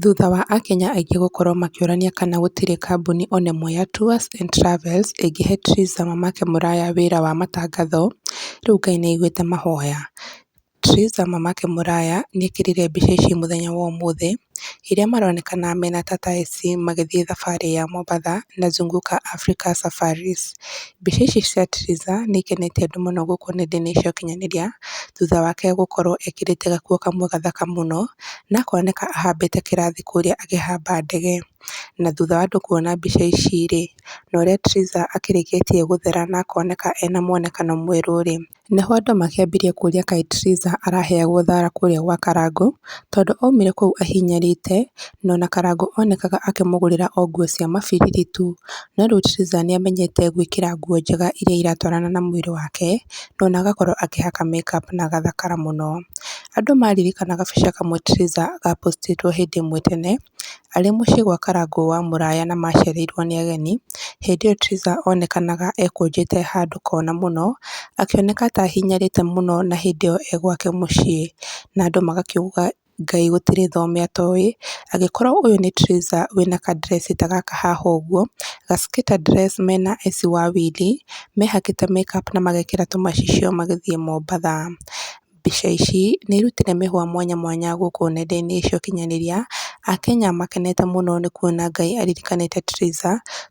Thutha wa akenya aingĩ gũkorwo makĩũrania kana gũtirĩ kambuni onemwe ya Tours and Travels ĩngĩhe Theresa Mamake Mũraya wĩra wa matangatho, rĩu Ngai nĩaiguĩte mahoya Industries na mamake Mũraya nĩekĩrire mbica ici mũthenya wa ũmũthĩ iria maronekana mena Tata AC magĩthiĩ thabarĩ ya Mombatha na Zunguka Africa Safaris. Mbica ici cia Tizza nĩikenetie andũ mũno gũkũ nenda-inĩ cia ũkinyanĩria thutha wake gũkorwo ekĩrĩte gakuo kamwe gathaka mũno na akoneka ahambĩte kĩrathi kũrĩa akĩhamba ndege na thutha wa andũ kuona mbica ici-rĩ, na ũrĩa Triza akĩrĩkĩtie gũthera na akoneka ena mwonekano mwerũ-rĩ, nĩho andũ makĩambirie kũria kaĩ Triza araheagwo thara kũrĩa gwa Karangũ, tondũ aumire kũu ahinyarĩte, na ona Karangũ onekaga akĩmũgũrĩra o nguo cia mabiriri tu, no rĩu Triza amenyete gwĩkĩra nguo njega iria iratwarana na mwĩrĩ wake, na ona agakorwo akĩhaka make up na agathakara mũno. Andũ maririkana gabica kamwe Triza gapostirwo hĩndĩ ĩmwe tene, arĩ mũciĩ gwa Karangũ wa Mũraya na macereirwo nĩ ageni, hĩndĩ ĩyo Triza onekanaga ekũnjĩte handũ kona mũno, akĩoneka ta ahinyarĩte mũno na hĩndĩ ĩyo e gwake mũciĩ, na andũ magakiuga Ngai gũtirĩ thome atoĩ, agĩkorwo ũyũ nĩ Triza wĩna kadresi ta gaka haha ũguo, ga skater dress mena eci wa wili, mehakĩte up na magekĩra tũmacicio magĩthiĩ Mombatha mbica ici nĩ irutanĩte mĩhwa mwanya mwanya gũkũ nenda-inĩ cia ũkinyanĩria Akenya makenete mũno nĩ kuona Ngai aririkanĩte Theresa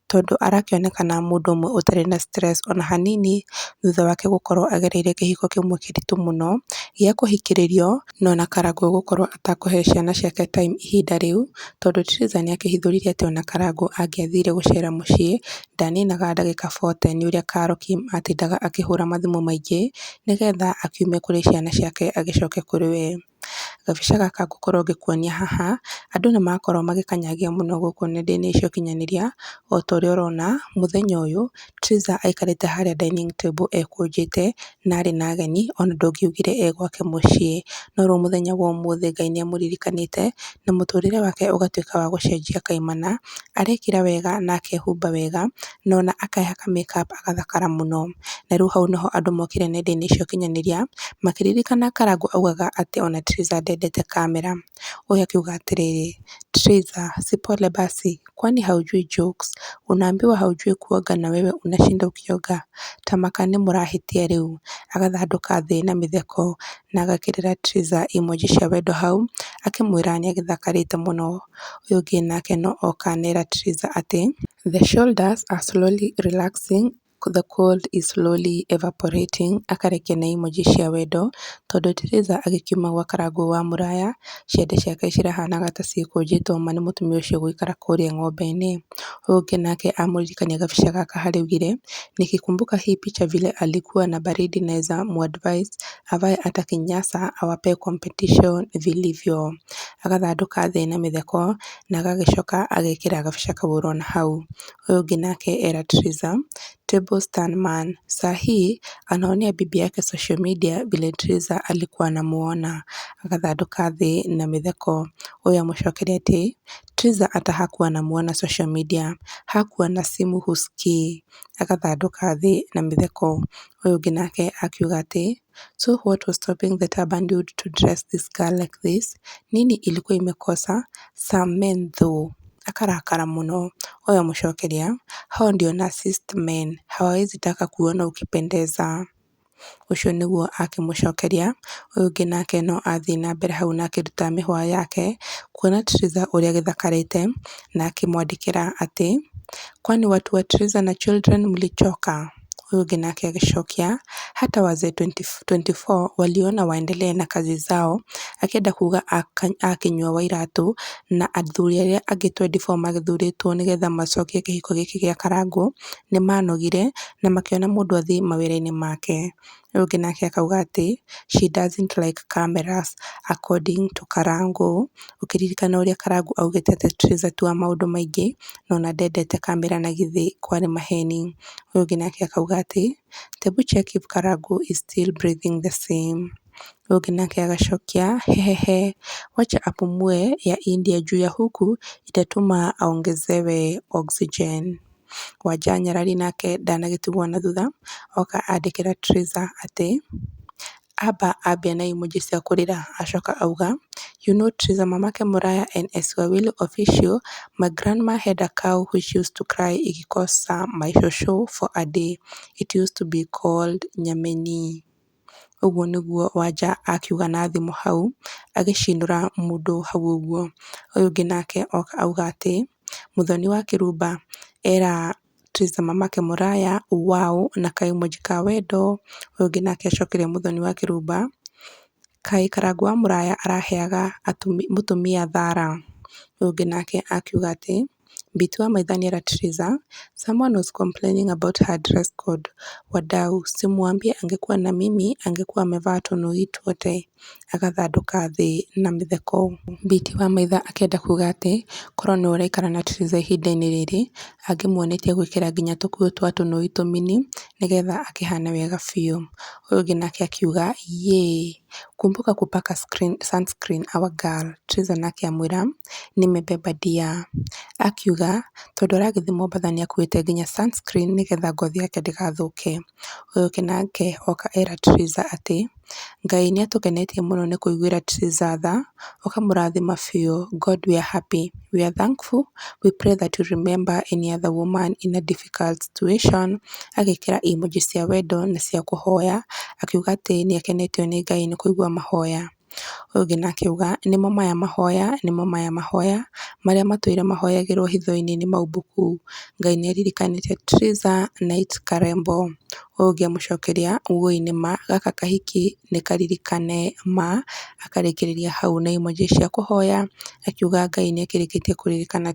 tondũ arakĩonekana mũndũ ũmwe ũtarĩ na stress ona hanini thutha wake gũkorwo agereire kĩhiko kĩmwe kĩritũ mũno gĩa kũhikĩrĩrio no na Karangũ gũkorwo atakũhe ciana ciake time ihinda rĩu tondũ Theresa nĩakĩhithũririe atĩ ona Karangũ angĩathire gũcera mũciĩ ndaninaga ndagĩka bote nĩ ũrĩa Karũ Kim atindaga akĩhũra mathimũ maingĩ nĩgetha akiume kũrĩ ciana ciake agĩcoke kũrĩ we. Gabica gaka ngũkorwo ngĩkuonia haha, andũ nĩmakorwo magĩkanyagia mũno gũkũ nenda-inĩ cia ũkinyanĩria, o ta ũrĩa ũrona, mũthenya ũyũ, Twiza aikarĩte harĩa dining table ekũnjĩte, na arĩ na ageni, ona ndũngiugire e gwake mũciĩ. No rĩu mũthenya wa ũmũthĩ Ngai nĩamũririkanĩte, na mũtũrĩre wake ũgatuĩka wa gũcenjia kaimana, arekĩra wega na akehumba wega, na ona akehaka makeup agathakara mũno. Na rĩu hau nĩho andũ mokire nenda-inĩ cia ũkinyanĩria, makĩririkana Karangũ augaga atĩ ona Twiza endete kamera. Ũyũ akiuga atĩrĩrĩ, Triza si pole basi kwani haujui jokes unaambiwa haujui kuoga na wewe unashinda ukioga Tamaka nĩmũrahĩtia rĩu agathandũka thĩ na mĩtheko na agekĩrĩra Triza emoji cia wendo hau akĩmwĩra nĩagĩthakarĩte mũno. Ũyũ ũngĩ nake no oka anera Triza atĩ the shoulders are slowly relaxing The cold is slowly evaporating akareke na imoji cia wendo tondũ Teresa agĩkiuma gwa Karangũ wa Mũraya ciande ciake cirahanaga ta ciĩkũnjĩtwo ma nĩ mũtumia ũcio gũikara kũrĩa ng'ombe-inĩ huku ũngĩ nake amũririkania kabica gaka ugire "Nikikumbuka hii picha vile alikuwa na baridi naeza muadvise avae ata kinyasa awape competition vilivyo" agathandũka thĩ na mĩtheko na agagĩcoka agekĩra kabica kau ũrona hau. Ũyũ ũngĩ nake era Teresa. Constable man saa hii anaonea bibi yake social media vile Teresa alikuwa anamuona agathandũka thĩ na mĩtheko. Ũyũ amũcokeria atĩ Teresa ata hakuwa anamuona social media, hakuwa na simu husikii, agathandũka thĩ na mĩtheko. Ũyũ ũngĩ nake akiuga atĩ So what was stopping the turban dude to dress this girl like this? Nini ilikuwa imekosa? Some men though akarakara mũno. Wawemucokeria, hao ndio narcissist men hawawezi taka kuona ukipendeza. Ũcio nĩguo akĩmũcokeria, ũyũ ũngĩ nake no athiĩ na mbere hau na akĩruta mĩhũa yake, kuona Triza ũrĩa gĩthakarĩte, na akĩmwandĩkĩra atĩ, kwani watu wa Triza na children mlichoka? Oyugi nake Kageshokya hata wazee 24 waliona waendelee na kazi zao akienda kuuga akinywa wairatu na athuri arĩa angĩ 24 magĩthurĩtwo nĩgetha macokie kĩhiko gĩkĩ gĩa Karangũ nĩmanogire na makĩona mũndũ athiĩ mawĩra-inĩ make. Rĩu ũngĩ nake akauga atĩ she doesn't like cameras according to Karangũ, ũkĩririkana ũrĩa Karangũ augĩte atĩ Twitter tu wa maũndũ maingĩ no ona ndendete kamera na githĩ kwarĩ maheni. Ũyũ ũngĩ nake akauga atĩ butcher keep Karangũ is still breathing the same. Ũyũ ũngĩ nake agacokia hehehe wacha apumue ya India juu ya huku itatuma aongezewe oxygen Wanja Nyarari nake ndanagĩtigwo na thutha, oka andĩkĩra Triza atĩ Aba ambia na imũnji cia kũrĩra acoka auga "you know Triza mamake Muraya and as your will official my grandma had a cow which used to cry ikikosa my shosho for a day, it used to be called Nyameni" ũguo nĩguo Wanja akiuga na thimo hau, agĩcinũra mũndũ hau ũguo. Ũyũ ũngĩ nake oka auga atĩ "mũthoni wa Kĩrumba era twithamama Muraya wau na kai mũnji ka wedo ũngĩ nake acokire mũthoni wa kiruba kai Karangũ wa Mũraya araheaga mũtumia thara," ũngĩ nake akiuga atĩ Mbitua Maithani era Trizah Someone was complaining about her dress code. Wadau, simwambie angekuwa na mimi angekuwa amevaa tũnũi hii tuothe. Agathandũka thĩ na mĩtheko. Mbitua Maitha akĩenda kuuga atĩ korwo nĩwe ũraikara na Trizah ihinda-inĩ rĩrĩ angĩmuonetie gwĩkĩra nginya tũkuo twa tũnũi tũmini nĩgetha akĩhane wega biũ. Ũyũ ũngĩ nake akiuga ĩĩ kumbuka kupaka sunscreen our girl amwĩra nĩ mĩthemba dear akiuga tondũ aragĩthiĩ Mombatha nĩ akuĩte nginya sunscreen nĩgetha ngothi yake ndĩgathũke. Ũyũ ũngĩ nake oka era Treiza atĩ Ngai nĩatũkenetie mũno nĩ kũiguĩra Theresa tha, ũkamũrathima biũ God we are happy, we are thankful, we pray that you remember any other woman in a difficult situation agĩkĩra emoji cia wendo na cia kũhoya akiuga atĩ nĩakenetio nĩ Ngai nĩ kũigua mahoya. Ũyũ ũngĩ na akiuga nĩmo maya mahoya nĩmo maya mahoya marĩa matũire mahoyagĩrwo hitho-inĩ nĩ mau mbuku. Ngai nĩaririkanĩte Theresa na Kit Karembo ũngĩamũcokeria nguo-inĩ ma gaka kahiki nĩ karirikane ma, akarĩkĩrĩria hau na imanjĩ cia kũhoya, akiuga Ngai nĩ akĩrĩkĩtie kũririkana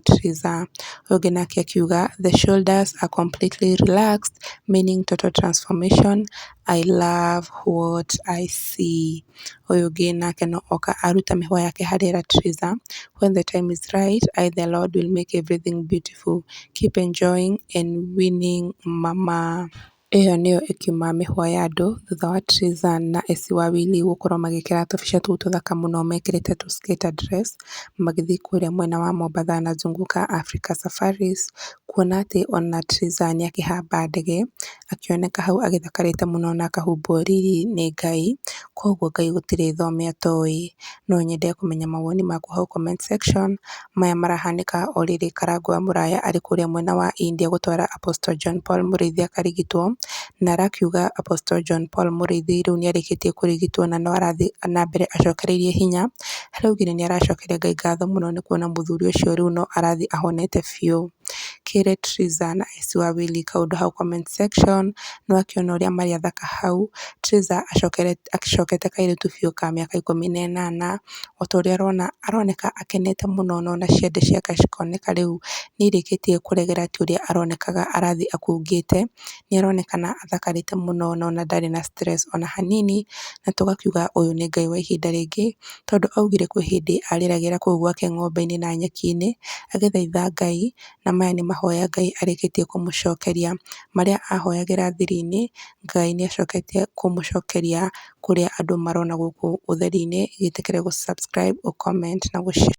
Ũyũ Ũngĩ nake akiuga the shoulders are completely relaxed meaning total transformation, I love what I see. Ũyũ ũngĩ nake no oka aruta mĩhũa yake harĩ la Theresa, when the time is right, I the Lord will make everything beautiful, keep enjoying and winning mama. Ĩyo nĩyo ĩkiuma mĩhwa ya andũ thutha wa Triza na Esĩ Wawili gũkorwo magĩkĩra tũbica tũu tũthaka mũno mekĩrĩte tũ-skater dress magĩthiĩ kũrĩa mwena wa Mombatha na Zunguka Africa Safaris kuona atĩ ona Triza nĩakĩhamba ndege akĩoneka hau agĩthakarĩte mũno na akahumbwo riri nĩ Ngai kwoguo Ngai gũtirĩ thome atoĩ. No nyende kũmenya mawoni maku hau comment section maya marahanĩka o rĩrĩ Karangũ wa Mũraya arĩ kũrĩa mwena wa India gũtwara Apostle John Paul Mũrĩithi akarigitwo na arakiuga Apostle John Paul Mũrĩithi rĩu nĩarĩkĩtie kũrigitwo na no arathiĩ na mbere acokereirie hinya, araugire nĩaracokeria Ngai ngatho mũno nĩ kuona mũthuri ũcio rĩu no arathiĩ ahonete biũ kĩrĩ Triza na Esi Wawili kaũndũ hau comment section nĩwakĩona ũrĩa marĩ athaka hau, Triza acokete kairĩtu biũ ka mĩaka ikũmi na ĩnana, ota ũrĩa aroneka akenete mũno na ona ciande ciake cikoneka rĩu nĩirĩkĩtie kũregera ti ũrĩa aronekaga arathiĩ akungĩte, nĩaronekana athakarĩte mũno na ona ndarĩ na stress ona hanini, na tũgakiuga ũyũ nĩ Ngai wa ihinda rĩngĩ, tondũ augire kwĩ hĩndĩ arĩragĩra kũu gwake ng'ombe-inĩ na nyeki-inĩ agĩthaitha Ngai na maya nĩ ahoya Ngai arĩkĩtie kũmũcokeria marĩa ahoyagĩra thiri-inĩ, Ngai nĩacoketie kũmũcokeria kũrĩa andũ marona gũkũ ũtheri-inĩ, wĩtĩkĩre gũ subscribe, ũcomment na gũ share.